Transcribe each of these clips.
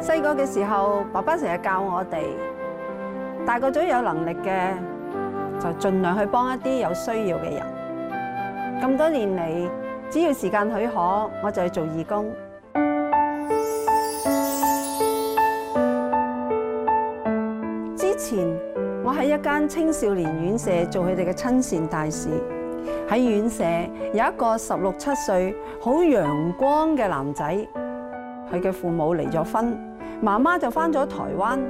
細個嘅時候，爸爸成日教我哋，大個咗有能力嘅，就盡量去幫一啲有需要嘅人。咁多年嚟，只要時間許可，我就去做義工。之前我喺一間青少年院舍做佢哋嘅親善大使。喺院舍有一個十六七歲、好陽光嘅男仔，佢嘅父母離咗婚。媽媽就返咗台灣，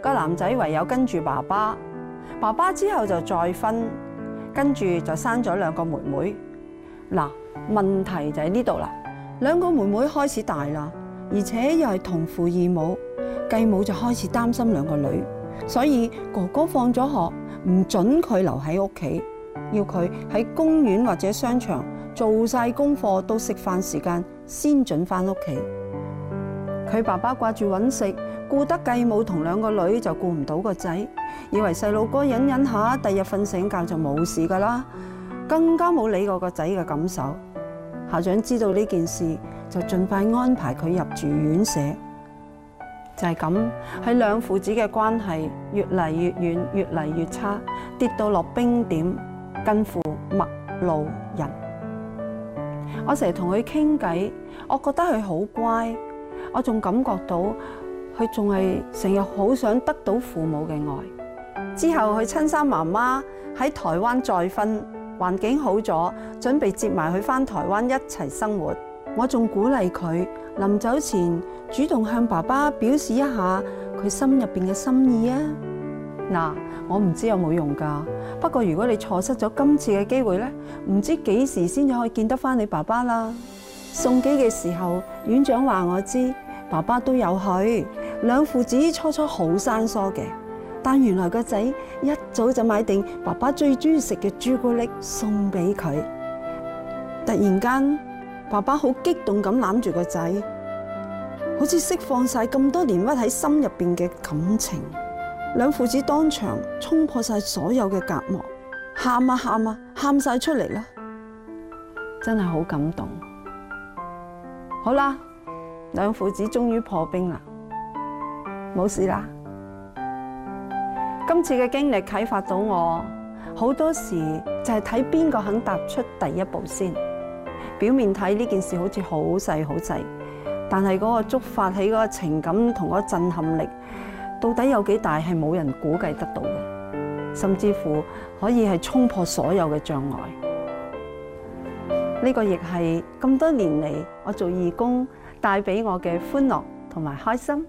個男仔唯有跟住爸爸。爸爸之後就再婚，跟住就生咗兩個妹妹。嗱，問題就喺呢度啦。兩個妹妹開始大啦，而且又係同父異母，繼母就開始擔心兩個女，所以哥哥放咗學唔准佢留喺屋企，要佢喺公園或者商場做晒功課，到食飯時間先准返屋企。佢爸爸掛住搵食，顧得繼母同兩個女就顧唔到個仔，以為細路哥忍忍下，第日瞓醒覺就冇事㗎啦，更加冇理過個仔嘅感受。校長知道呢件事，就盡快安排佢入住院舍。就係、是、咁，喺兩父子嘅關係越嚟越遠，越嚟越差，跌到落冰點，近乎陌路人。我成日同佢傾偈，我覺得佢好乖。我仲感覺到佢仲係成日好想得到父母嘅愛。之後佢親生媽媽喺台灣再婚，環境好咗，準備接埋佢返台灣一齊生活。我仲鼓勵佢臨走前主動向爸爸表示一下佢心入邊嘅心意啊！嗱，我唔知有冇用㗎。不過如果你錯失咗今次嘅機會咧，唔知幾時先至可以見得返你爸爸啦。送機嘅時候，院長話我知，爸爸都有去，兩父子初初好生疏嘅，但原來個仔一早就買定爸爸最中意食嘅朱古力送俾佢。突然間，爸爸好激動咁攬住個仔，好似釋放晒咁多年屈喺心入邊嘅感情，兩父子當場衝破晒所有嘅隔膜，喊啊喊啊，喊晒出嚟啦，真係好感動。好啦，兩父子終於破冰啦，冇事啦。今次嘅經歷啟發到我，好多時就係睇邊個肯踏出第一步先。表面睇呢件事好似好細好細，但係嗰個觸發起嗰個情感同嗰個震撼力，到底有幾大係冇人估計得到嘅，甚至乎可以係衝破所有嘅障礙。呢個亦係咁多年嚟，我做義工帶俾我嘅歡樂同埋開心。